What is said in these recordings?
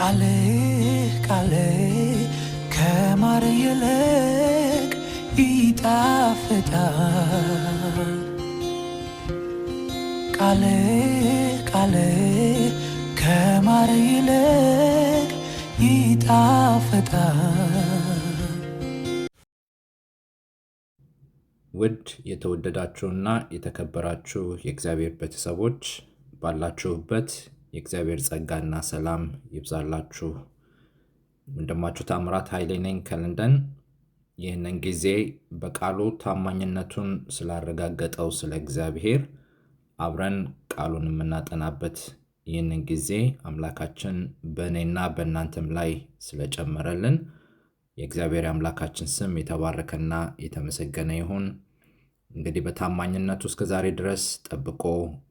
ቃሌ ቃሌ ከማር ይልቅ ይጣፍጣል። ቃሌ ቃሌ ከማር ይልቅ ይጣፍጣል። ውድ የተወደዳችሁና የተከበራችሁ የእግዚአብሔር ቤተሰቦች ባላችሁበት የእግዚአብሔር ጸጋና ሰላም ይብዛላችሁ። ወንድማችሁ ታምራት ኃይሌ ነኝ ከለንደን። ይህንን ጊዜ በቃሉ ታማኝነቱን ስላረጋገጠው ስለ እግዚአብሔር አብረን ቃሉን የምናጠናበት ይህንን ጊዜ አምላካችን በእኔና በእናንተም ላይ ስለጨመረልን የእግዚአብሔር አምላካችን ስም የተባረከና የተመሰገነ ይሁን። እንግዲህ በታማኝነቱ እስከ ዛሬ ድረስ ጠብቆ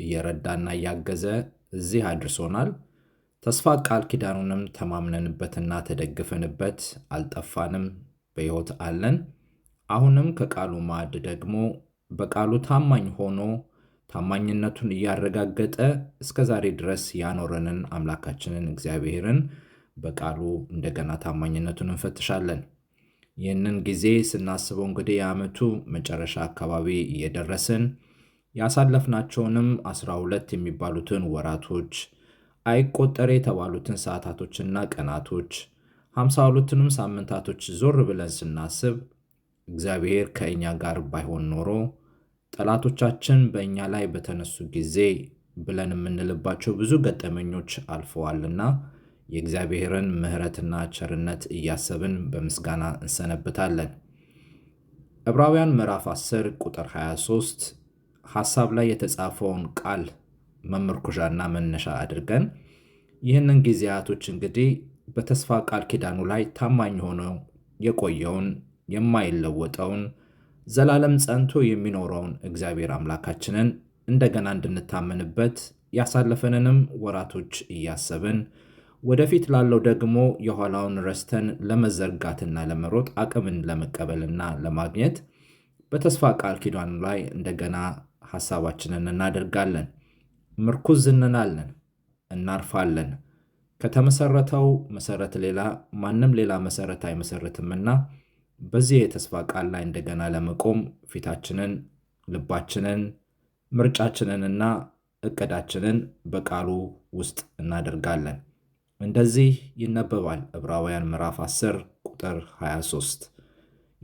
እየረዳና እያገዘ እዚህ አድርሶናል። ተስፋ ቃል ኪዳኑንም ተማምነንበትና ተደግፈንበት አልጠፋንም፣ በሕይወት አለን። አሁንም ከቃሉ ማዕድ ደግሞ በቃሉ ታማኝ ሆኖ ታማኝነቱን እያረጋገጠ እስከ ዛሬ ድረስ ያኖረንን አምላካችንን እግዚአብሔርን በቃሉ እንደገና ታማኝነቱን እንፈትሻለን። ይህንን ጊዜ ስናስበው እንግዲህ የዓመቱ መጨረሻ አካባቢ እየደረስን ያሳለፍናቸውንም አስራ ሁለት የሚባሉትን ወራቶች አይቆጠር የተባሉትን ሰዓታቶችና ቀናቶች ሃምሳ ሁለቱንም ሳምንታቶች ዞር ብለን ስናስብ እግዚአብሔር ከእኛ ጋር ባይሆን ኖሮ ጠላቶቻችን በእኛ ላይ በተነሱ ጊዜ ብለን የምንልባቸው ብዙ ገጠመኞች አልፈዋልና የእግዚአብሔርን ምሕረትና ቸርነት እያሰብን በምስጋና እንሰነብታለን። ዕብራውያን ምዕራፍ 10 ቁጥር 23 ሀሳብ ላይ የተጻፈውን ቃል መመርኮዣና መነሻ አድርገን ይህንን ጊዜያቶች እንግዲህ በተስፋ ቃል ኪዳኑ ላይ ታማኝ ሆኖ የቆየውን የማይለወጠውን ዘላለም ጸንቶ የሚኖረውን እግዚአብሔር አምላካችንን እንደገና እንድንታመንበት ያሳለፈንንም ወራቶች እያሰብን ወደፊት ላለው ደግሞ የኋላውን ረስተን ለመዘርጋትና ለመሮጥ አቅምን ለመቀበልና ለማግኘት በተስፋ ቃል ኪዳኑ ላይ እንደገና ሐሳባችንን እናደርጋለን። ምርኩዝ እንናለን፣ እናርፋለን። ከተመሰረተው መሰረት ሌላ ማንም ሌላ መሰረት አይመሰርትምና በዚህ የተስፋ ቃል ላይ እንደገና ለመቆም ፊታችንን፣ ልባችንን፣ ምርጫችንንና እቅዳችንን በቃሉ ውስጥ እናደርጋለን። እንደዚህ ይነበባል ዕብራውያን ምዕራፍ 10 ቁጥር 23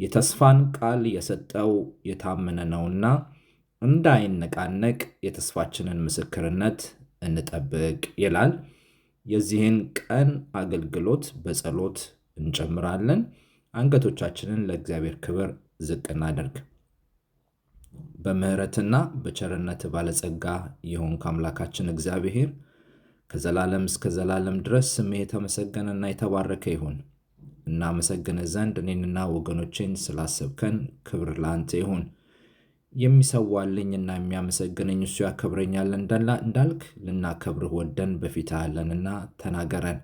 የተስፋን ቃል የሰጠው የታመነ ነውና እንዳይነቃነቅ የተስፋችንን ምስክርነት እንጠብቅ ይላል። የዚህን ቀን አገልግሎት በጸሎት እንጨምራለን። አንገቶቻችንን ለእግዚአብሔር ክብር ዝቅ እናደርግ። በምሕረትና በቸርነት ባለጸጋ የሆንክ አምላካችን እግዚአብሔር ከዘላለም እስከ ዘላለም ድረስ ስምህ የተመሰገነና የተባረከ ይሁን። እናመሰግነ ዘንድ እኔንና ወገኖቼን ስላሰብከን ክብር ለአንተ ይሁን። የሚሰዋልኝና የሚያመሰግነኝ እሱ ያከብረኛል እንዳልክ ልናከብርህ ወደን በፊት አለንና ተናገረን።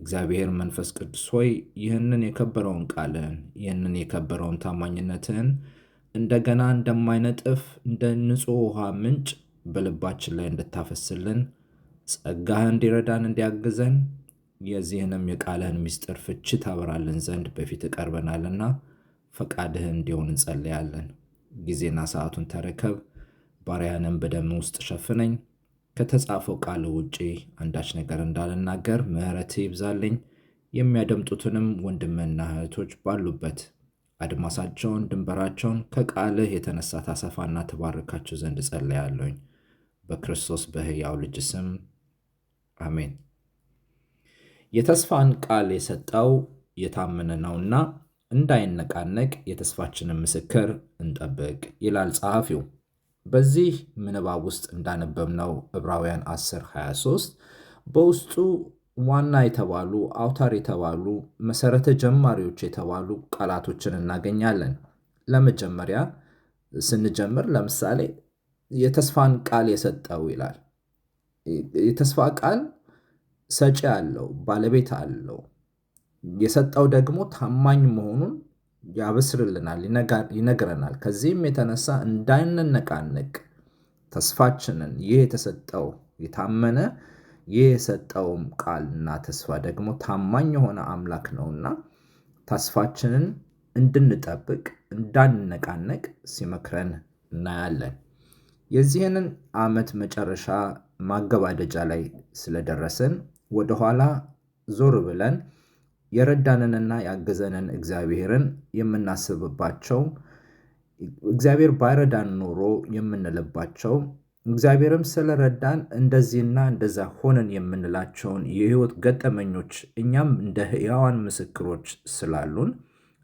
እግዚአብሔር መንፈስ ቅዱስ ሆይ ይህንን የከበረውን ቃልን ይህንን የከበረውን ታማኝነትህን እንደገና እንደማይነጥፍ እንደ ንጹሕ ውሃ ምንጭ በልባችን ላይ እንድታፈስልን ጸጋህ እንዲረዳን እንዲያግዘን የዚህንም የቃልህን ምስጢር ፍቺ ታበራልን ዘንድ በፊት ቀርበናልና ፈቃድህ እንዲሆን እንጸለያለን። ጊዜና ሰዓቱን ተረከብ፣ ባሪያንም በደም ውስጥ ሸፍነኝ፣ ከተጻፈው ቃል ውጪ አንዳች ነገር እንዳልናገር ምሕረትህ ይብዛልኝ። የሚያደምጡትንም ወንድምና እህቶች ባሉበት አድማሳቸውን ድንበራቸውን ከቃልህ የተነሳ ታሰፋና ትባርካቸው ዘንድ ጸለያለኝ። በክርስቶስ በሕያው ልጅ ስም አሜን። የተስፋን ቃል የሰጠው የታመነ ነውና እንዳይነቃነቅ የተስፋችንን ምስክር እንጠብቅ ይላል ጸሐፊው። በዚህ ምንባብ ውስጥ እንዳነበብነው ዕብራውያን 10 23 በውስጡ ዋና የተባሉ አውታር የተባሉ መሰረተ ጀማሪዎች የተባሉ ቃላቶችን እናገኛለን። ለመጀመሪያ ስንጀምር ለምሳሌ የተስፋን ቃል የሰጠው ይላል። የተስፋ ቃል ሰጪ አለው፣ ባለቤት አለው። የሰጠው ደግሞ ታማኝ መሆኑን ያበስርልናል፣ ይነግረናል። ከዚህም የተነሳ እንዳንነቃነቅ ተስፋችንን ይህ የተሰጠው የታመነ ይህ የሰጠውም ቃልና ተስፋ ደግሞ ታማኝ የሆነ አምላክ ነውና ተስፋችንን እንድንጠብቅ እንዳንነቃነቅ ሲመክረን እናያለን። የዚህንን ዓመት መጨረሻ ማገባደጃ ላይ ስለደረስን ወደኋላ ዞር ብለን የረዳንንና ያገዘንን እግዚአብሔርን የምናስብባቸው እግዚአብሔር ባይረዳን ኖሮ የምንልባቸው እግዚአብሔርም ስለረዳን እንደዚህና እንደዛ ሆነን የምንላቸውን የህይወት ገጠመኞች እኛም እንደ ህያዋን ምስክሮች ስላሉን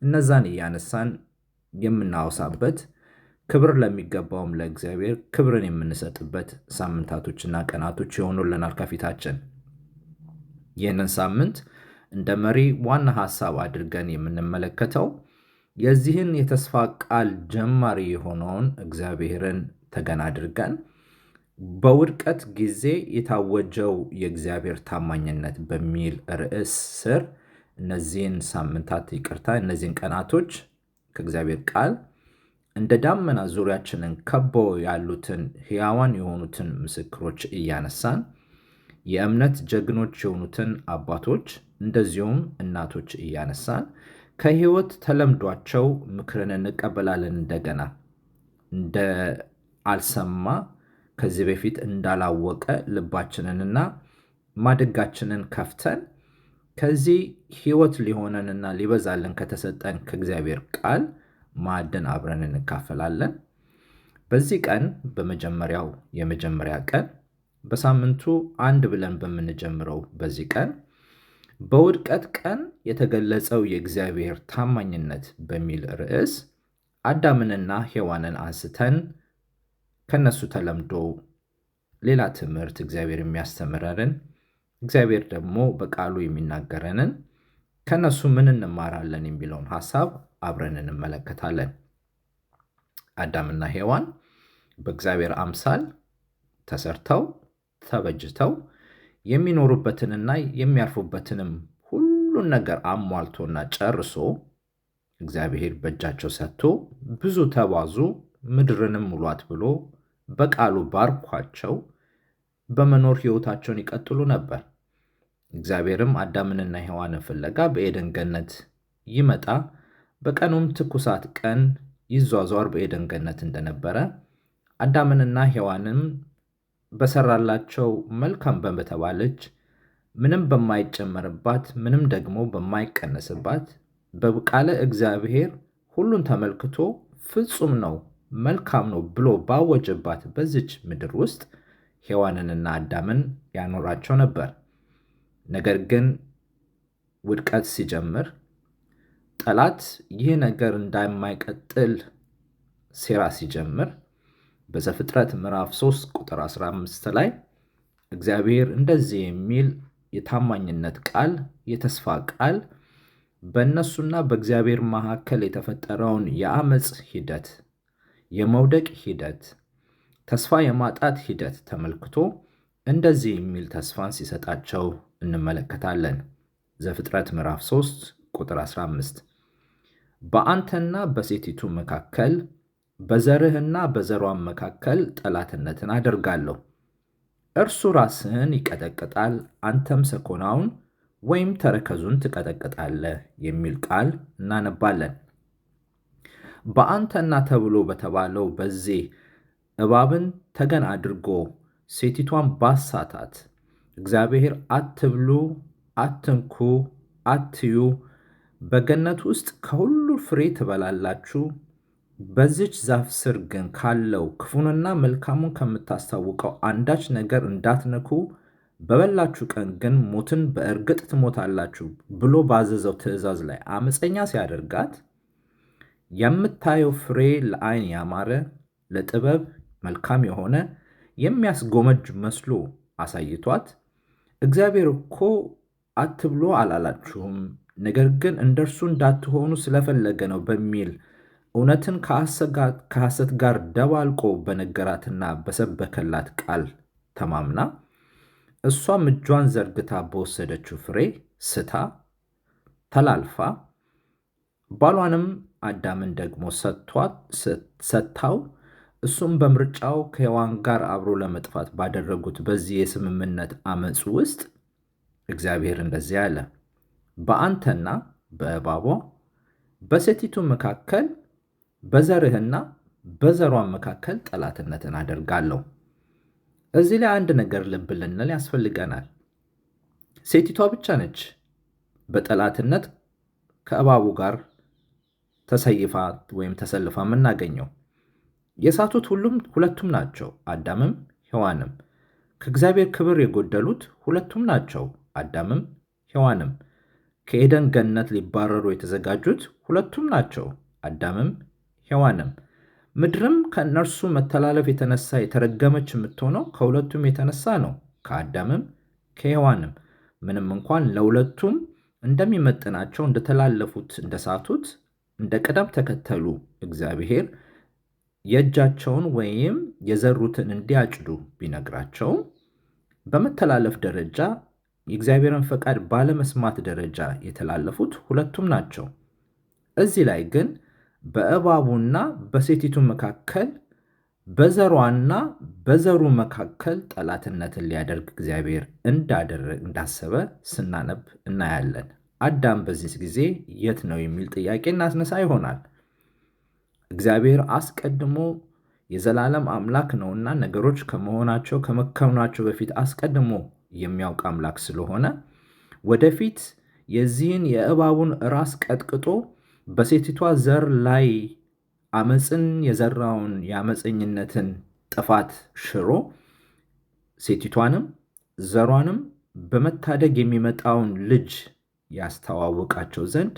እነዛን እያነሳን የምናወሳበት ክብር ለሚገባውም ለእግዚአብሔር ክብርን የምንሰጥበት ሳምንታቶችና ቀናቶች ይሆኑልናል ከፊታችን። ይህንን ሳምንት እንደ መሪ ዋና ሐሳብ አድርገን የምንመለከተው የዚህን የተስፋ ቃል ጀማሪ የሆነውን እግዚአብሔርን ተገን አድርገን በውድቀት ጊዜ የታወጀው የእግዚአብሔር ታማኝነት በሚል ርዕስ ስር እነዚህን ሳምንታት ይቅርታ፣ እነዚህን ቀናቶች ከእግዚአብሔር ቃል እንደ ዳመና ዙሪያችንን ከበው ያሉትን ሕያዋን የሆኑትን ምስክሮች እያነሳን የእምነት ጀግኖች የሆኑትን አባቶች እንደዚሁም እናቶች እያነሳን ከህይወት ተለምዷቸው ምክርን እንቀበላለን። እንደገና እንደ አልሰማ ከዚህ በፊት እንዳላወቀ ልባችንንና ማደጋችንን ከፍተን ከዚህ ህይወት ሊሆነንና ሊበዛልን ከተሰጠን ከእግዚአብሔር ቃል ማዕድን አብረን እንካፈላለን። በዚህ ቀን በመጀመሪያው የመጀመሪያ ቀን በሳምንቱ አንድ ብለን በምንጀምረው በዚህ ቀን በውድቀት ቀን የተገለጸው የእግዚአብሔር ታማኝነት በሚል ርዕስ አዳምንና ሔዋንን አንስተን ከነሱ ተለምዶ ሌላ ትምህርት እግዚአብሔር የሚያስተምረንን እግዚአብሔር ደግሞ በቃሉ የሚናገረንን ከነሱ ምን እንማራለን የሚለውን ሀሳብ አብረን እንመለከታለን። አዳምና ሔዋን በእግዚአብሔር አምሳል ተሰርተው ተበጅተው የሚኖሩበትንና የሚያርፉበትንም ሁሉን ነገር አሟልቶና ጨርሶ እግዚአብሔር በእጃቸው ሰጥቶ ብዙ ተባዙ፣ ምድርንም ሙሏት ብሎ በቃሉ ባርኳቸው በመኖር ሕይወታቸውን ይቀጥሉ ነበር። እግዚአብሔርም አዳምንና ሔዋንን ፍለጋ በኤደን ገነት ይመጣ በቀኑም ትኩሳት ቀን ይዟዟር በኤደን ገነት እንደነበረ አዳምንና ሔዋንም በሰራላቸው መልካም በተባለች ምንም በማይጨመርባት ምንም ደግሞ በማይቀነስባት በቃለ እግዚአብሔር ሁሉን ተመልክቶ ፍጹም ነው መልካም ነው ብሎ ባወጀባት በዚች ምድር ውስጥ ሔዋንንና አዳምን ያኖራቸው ነበር። ነገር ግን ውድቀት ሲጀምር ጠላት ይህ ነገር እንደማይቀጥል ሴራ ሲጀምር በዘፍጥረት ምዕራፍ 3 ቁጥር 15 ላይ እግዚአብሔር እንደዚህ የሚል የታማኝነት ቃል የተስፋ ቃል በእነሱና በእግዚአብሔር መካከል የተፈጠረውን የአመፅ ሂደት፣ የመውደቅ ሂደት፣ ተስፋ የማጣት ሂደት ተመልክቶ እንደዚህ የሚል ተስፋን ሲሰጣቸው እንመለከታለን። ዘፍጥረት ምዕራፍ 3 ቁጥር 15 በአንተና በሴቲቱ መካከል በዘርህና በዘሯን መካከል ጠላትነትን አደርጋለሁ። እርሱ ራስህን ይቀጠቅጣል፣ አንተም ሰኮናውን ወይም ተረከዙን ትቀጠቅጣለህ የሚል ቃል እናነባለን። በአንተና ተብሎ በተባለው በዚህ እባብን ተገን አድርጎ ሴቲቷን ባሳታት እግዚአብሔር አትብሉ፣ አትንኩ፣ አትዩ፣ በገነት ውስጥ ከሁሉ ፍሬ ትበላላችሁ በዚች ዛፍ ስር ግን ካለው ክፉንና መልካሙን ከምታስታውቀው አንዳች ነገር እንዳትነኩ በበላችሁ ቀን ግን ሞትን በእርግጥ ትሞታላችሁ ብሎ ባዘዘው ትእዛዝ ላይ አመፀኛ ሲያደርጋት የምታየው ፍሬ ለአይን ያማረ ለጥበብ መልካም የሆነ የሚያስጎመጅ መስሎ አሳይቷት እግዚአብሔር እኮ አትብሎ አላላችሁም፣ ነገር ግን እንደርሱ እንዳትሆኑ ስለፈለገ ነው በሚል እውነትን ከሐሰት ጋር ደባልቆ በነገራትና በሰበከላት ቃል ተማምና እሷም እጇን ዘርግታ በወሰደችው ፍሬ ስታ ተላልፋ ባሏንም አዳምን ደግሞ ሰጥታው እሱም በምርጫው ከሔዋን ጋር አብሮ ለመጥፋት ባደረጉት በዚህ የስምምነት አመፅ ውስጥ እግዚአብሔር እንደዚህ አለ፣ በአንተና በእባቧ በሴቲቱ መካከል በዘርህና በዘሯን መካከል ጠላትነትን አደርጋለሁ። እዚህ ላይ አንድ ነገር ልብ ልንል ያስፈልገናል። ሴቲቷ ብቻ ነች በጠላትነት ከእባቡ ጋር ተሰይፋ ወይም ተሰልፋ የምናገኘው። የሳቱት ሁሉም ሁለቱም ናቸው፣ አዳምም ሔዋንም። ከእግዚአብሔር ክብር የጎደሉት ሁለቱም ናቸው፣ አዳምም ሔዋንም። ከኤደን ገነት ሊባረሩ የተዘጋጁት ሁለቱም ናቸው፣ አዳምም ሔዋንም ምድርም ከእነርሱ መተላለፍ የተነሳ የተረገመች የምትሆነው ከሁለቱም የተነሳ ነው፣ ከአዳምም ከሔዋንም። ምንም እንኳን ለሁለቱም እንደሚመጥናቸው እንደተላለፉት እንደሳቱት እንደ ቅደም ተከተሉ እግዚአብሔር የእጃቸውን ወይም የዘሩትን እንዲያጭዱ ቢነግራቸውም በመተላለፍ ደረጃ የእግዚአብሔርን ፈቃድ ባለመስማት ደረጃ የተላለፉት ሁለቱም ናቸው። እዚህ ላይ ግን በእባቡና በሴቲቱ መካከል በዘሯና በዘሩ መካከል ጠላትነትን ሊያደርግ እግዚአብሔር እንዳሰበ ስናነብ እናያለን። አዳም በዚህ ጊዜ የት ነው የሚል ጥያቄ እናስነሳ ይሆናል። እግዚአብሔር አስቀድሞ የዘላለም አምላክ ነውና ነገሮች ከመሆናቸው ከመከናቸው በፊት አስቀድሞ የሚያውቅ አምላክ ስለሆነ ወደፊት የዚህን የእባቡን ራስ ቀጥቅጦ በሴቲቷ ዘር ላይ አመፅን የዘራውን የአመፀኝነትን ጥፋት ሽሮ ሴቲቷንም ዘሯንም በመታደግ የሚመጣውን ልጅ ያስተዋውቃቸው ዘንድ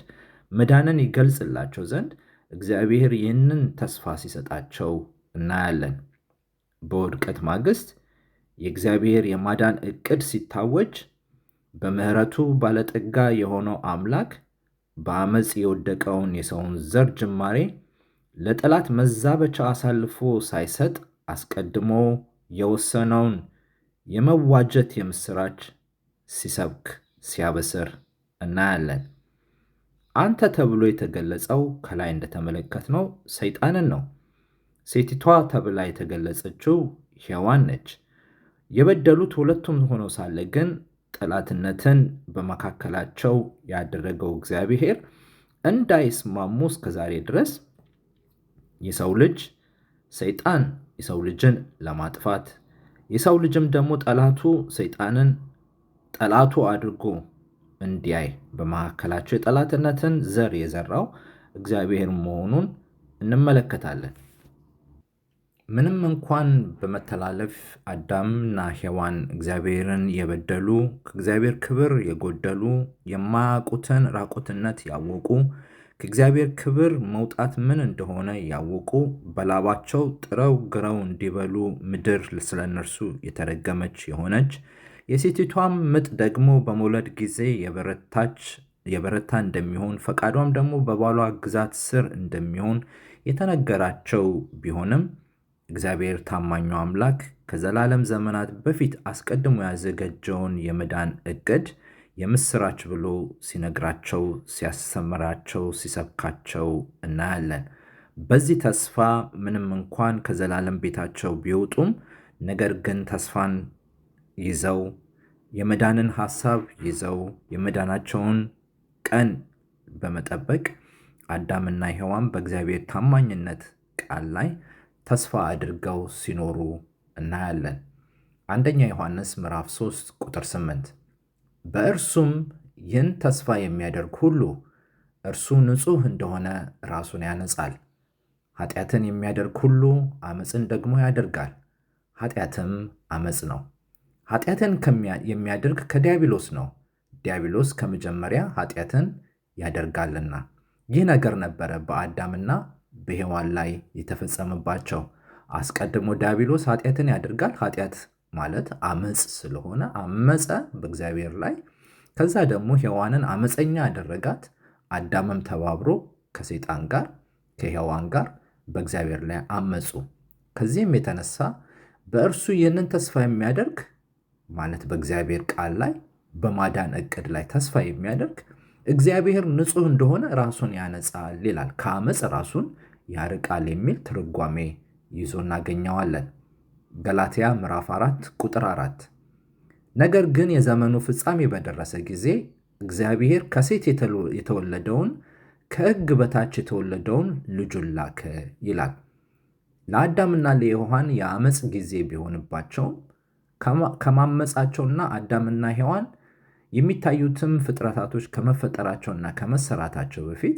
መዳንን ይገልጽላቸው ዘንድ እግዚአብሔር ይህንን ተስፋ ሲሰጣቸው እናያለን። በውድቀት ማግስት የእግዚአብሔር የማዳን እቅድ ሲታወጅ በምሕረቱ ባለጠጋ የሆነው አምላክ በአመፅ የወደቀውን የሰውን ዘር ጅማሬ ለጠላት መዛበቻ አሳልፎ ሳይሰጥ አስቀድሞ የወሰነውን የመዋጀት የምስራች ሲሰብክ ሲያበስር እናያለን። አንተ ተብሎ የተገለጸው ከላይ እንደተመለከትነው ሰይጣንን ነው። ሴቲቷ ተብላ የተገለጸችው ሔዋን ነች። የበደሉት ሁለቱም ሆነው ሳለ ግን ጠላትነትን በመካከላቸው ያደረገው እግዚአብሔር እንዳይስማሙ እስከ ዛሬ ድረስ የሰው ልጅ ሰይጣን የሰው ልጅን ለማጥፋት የሰው ልጅም ደግሞ ጠላቱ ሰይጣንን ጠላቱ አድርጎ እንዲያይ በመካከላቸው የጠላትነትን ዘር የዘራው እግዚአብሔር መሆኑን እንመለከታለን። ምንም እንኳን በመተላለፍ አዳምና ሔዋን እግዚአብሔርን የበደሉ ከእግዚአብሔር ክብር የጎደሉ የማያውቁትን ራቁትነት ያወቁ ከእግዚአብሔር ክብር መውጣት ምን እንደሆነ ያወቁ በላባቸው ጥረው ግረው እንዲበሉ ምድር ስለ እነርሱ የተረገመች የሆነች የሴቲቷም ምጥ ደግሞ በመውለድ ጊዜ የበረታች የበረታ እንደሚሆን ፈቃዷም ደግሞ በባሏ ግዛት ስር እንደሚሆን የተነገራቸው ቢሆንም እግዚአብሔር ታማኙ አምላክ ከዘላለም ዘመናት በፊት አስቀድሞ ያዘጋጀውን የመዳን እቅድ የምስራች ብሎ ሲነግራቸው፣ ሲያሰምራቸው ሲሰብካቸው እናያለን። በዚህ ተስፋ ምንም እንኳን ከዘላለም ቤታቸው ቢወጡም ነገር ግን ተስፋን ይዘው የመዳንን ሐሳብ ይዘው የመዳናቸውን ቀን በመጠበቅ አዳምና ሔዋን በእግዚአብሔር ታማኝነት ቃል ላይ ተስፋ አድርገው ሲኖሩ እናያለን። አንደኛ ዮሐንስ ምዕራፍ 3 ቁጥር 8 በእርሱም ይህን ተስፋ የሚያደርግ ሁሉ እርሱ ንጹሕ እንደሆነ ራሱን ያነጻል። ኃጢአትን የሚያደርግ ሁሉ ዓመፅን ደግሞ ያደርጋል፣ ኃጢአትም ዓመፅ ነው። ኃጢአትን የሚያደርግ ከዲያብሎስ ነው፣ ዲያብሎስ ከመጀመሪያ ኃጢአትን ያደርጋልና። ይህ ነገር ነበረ በአዳምና በሔዋን ላይ የተፈጸመባቸው። አስቀድሞ ዲያብሎስ ኃጢአትን ያደርጋል። ኃጢአት ማለት አመፅ ስለሆነ አመፀ በእግዚአብሔር ላይ። ከዛ ደግሞ ሔዋንን አመፀኛ ያደረጋት። አዳምም ተባብሮ ከሰይጣን ጋር ከሔዋን ጋር በእግዚአብሔር ላይ አመፁ። ከዚህም የተነሳ በእርሱ ይህንን ተስፋ የሚያደርግ ማለት በእግዚአብሔር ቃል ላይ በማዳን እቅድ ላይ ተስፋ የሚያደርግ እግዚአብሔር ንጹሕ እንደሆነ ራሱን ያነጻል ይላል። ከአመፅ ራሱን ያርቃል የሚል ትርጓሜ ይዞ እናገኘዋለን። ገላትያ ምዕራፍ 4 ቁጥር 4። ነገር ግን የዘመኑ ፍጻሜ በደረሰ ጊዜ እግዚአብሔር ከሴት የተወለደውን ከሕግ በታች የተወለደውን ልጁን ላከ ይላል። ለአዳምና ለሔዋን የአመፅ ጊዜ ቢሆንባቸውም ከማመፃቸውና አዳምና ሔዋን የሚታዩትም ፍጥረታቶች ከመፈጠራቸውና ከመሰራታቸው በፊት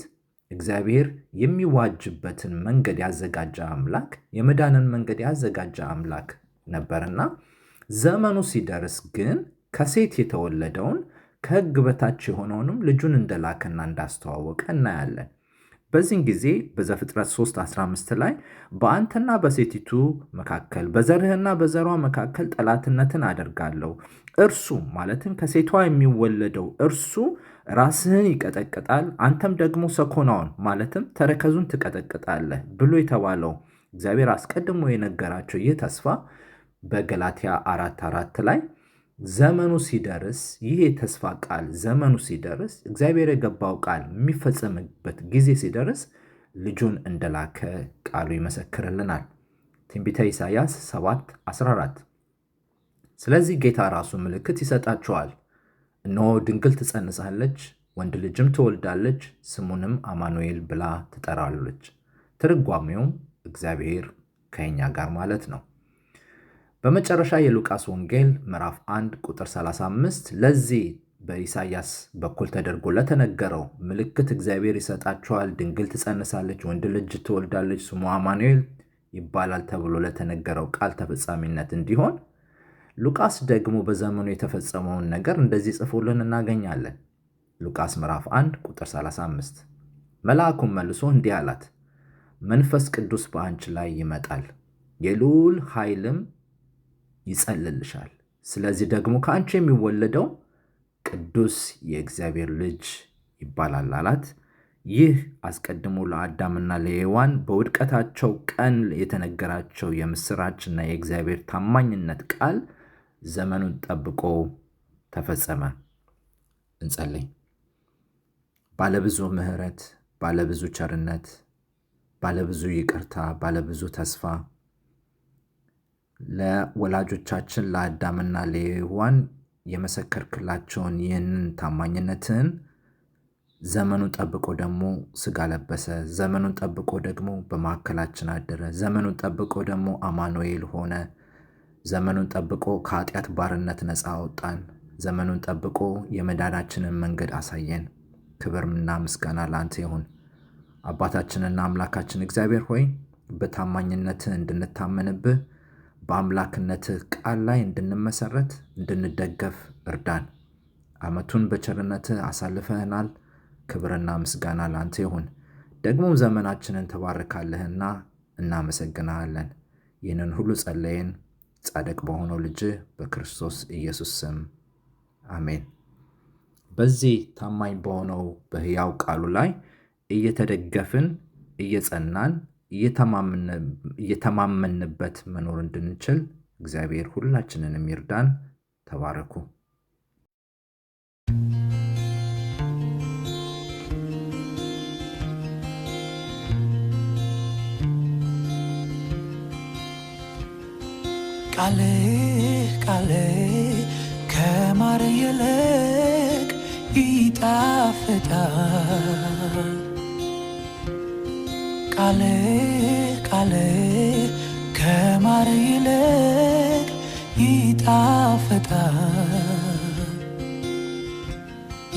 እግዚአብሔር የሚዋጅበትን መንገድ ያዘጋጀ አምላክ የመዳንን መንገድ ያዘጋጀ አምላክ ነበርና ዘመኑ ሲደርስ ግን ከሴት የተወለደውን ከሕግ በታች የሆነውንም ልጁን እንደላከና እንዳስተዋወቀ እናያለን። በዚህን ጊዜ በዘፍጥረት 3:15 ላይ በአንተና በሴቲቱ መካከል በዘርህና በዘሯ መካከል ጠላትነትን አደርጋለሁ፣ እርሱ ማለትም ከሴቷ የሚወለደው እርሱ ራስህን ይቀጠቅጣል፣ አንተም ደግሞ ሰኮናውን ማለትም ተረከዙን ትቀጠቅጣለህ ብሎ የተባለው እግዚአብሔር አስቀድሞ የነገራቸው ይህ ተስፋ በገላትያ አራት አራት ላይ ዘመኑ ሲደርስ ይህ የተስፋ ቃል ዘመኑ ሲደርስ እግዚአብሔር የገባው ቃል የሚፈጸምበት ጊዜ ሲደርስ ልጁን እንደላከ ቃሉ ይመሰክርልናል። ትንቢተ ኢሳያስ 7 14 ስለዚህ ጌታ ራሱ ምልክት ይሰጣችኋል እነሆ ድንግል ትጸንሳለች፣ ወንድ ልጅም ትወልዳለች፣ ስሙንም አማኑኤል ብላ ትጠራለች። ትርጓሜውም እግዚአብሔር ከእኛ ጋር ማለት ነው። በመጨረሻ የሉቃስ ወንጌል ምዕራፍ 1 ቁጥር 35 ለዚህ በኢሳይያስ በኩል ተደርጎ ለተነገረው ምልክት እግዚአብሔር ይሰጣቸዋል፣ ድንግል ትጸንሳለች፣ ወንድ ልጅ ትወልዳለች፣ ስሙ አማኑኤል ይባላል ተብሎ ለተነገረው ቃል ተፈጻሚነት እንዲሆን ሉቃስ ደግሞ በዘመኑ የተፈጸመውን ነገር እንደዚህ ጽፎልን እናገኛለን። ሉቃስ ምዕራፍ 1 ቁጥር 35 መልአኩም መልሶ እንዲህ አላት፣ መንፈስ ቅዱስ በአንቺ ላይ ይመጣል፣ የልዑል ኃይልም ይጸልልሻል። ስለዚህ ደግሞ ከአንቺ የሚወለደው ቅዱስ የእግዚአብሔር ልጅ ይባላል አላት። ይህ አስቀድሞ ለአዳምና ለሔዋን በውድቀታቸው ቀን የተነገራቸው የምስራችና የእግዚአብሔር ታማኝነት ቃል ዘመኑን ጠብቆ ተፈጸመ። እንጸልይ። ባለብዙ ምሕረት፣ ባለብዙ ቸርነት፣ ባለብዙ ይቅርታ፣ ባለብዙ ተስፋ ለወላጆቻችን ለአዳምና ለሔዋን የመሰከርክላቸውን ይህንን ታማኝነትን ዘመኑን ጠብቆ ደግሞ ስጋ ለበሰ። ዘመኑን ጠብቆ ደግሞ በማዕከላችን አደረ። ዘመኑን ጠብቆ ደግሞ አማኑኤል ሆነ። ዘመኑን ጠብቆ ከኃጢአት ባርነት ነፃ አወጣን። ዘመኑን ጠብቆ የመዳናችንን መንገድ አሳየን። ክብርና ምስጋና ለአንተ ይሁን። አባታችንና አምላካችን እግዚአብሔር ሆይ በታማኝነትህ እንድንታመንብህ በአምላክነትህ ቃል ላይ እንድንመሰረት እንድንደገፍ እርዳን። ዓመቱን በቸርነትህ አሳልፈህናል። ክብርና ምስጋና ለአንተ ይሁን። ደግሞ ዘመናችንን ተባርካለህና እናመሰግናሃለን። ይህንን ሁሉ ጸለይን ጻድቅ በሆነው ልጅ በክርስቶስ ኢየሱስ ስም አሜን። በዚህ ታማኝ በሆነው በሕያው ቃሉ ላይ እየተደገፍን እየጸናን እየተማመንበት መኖር እንድንችል እግዚአብሔር ሁላችንንም ይርዳን። ተባረኩ። ቃል ቃል ከማር ይልቅ ይጣፍጣል። ቃል ቃል ከማር ይልቅ ይጣፍጣል።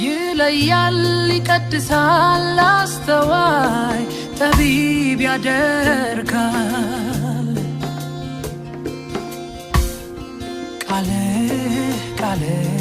ይለያል፣ ይቀድሳል፣ አስተዋይ ጠቢብ ያደርጋል። calais.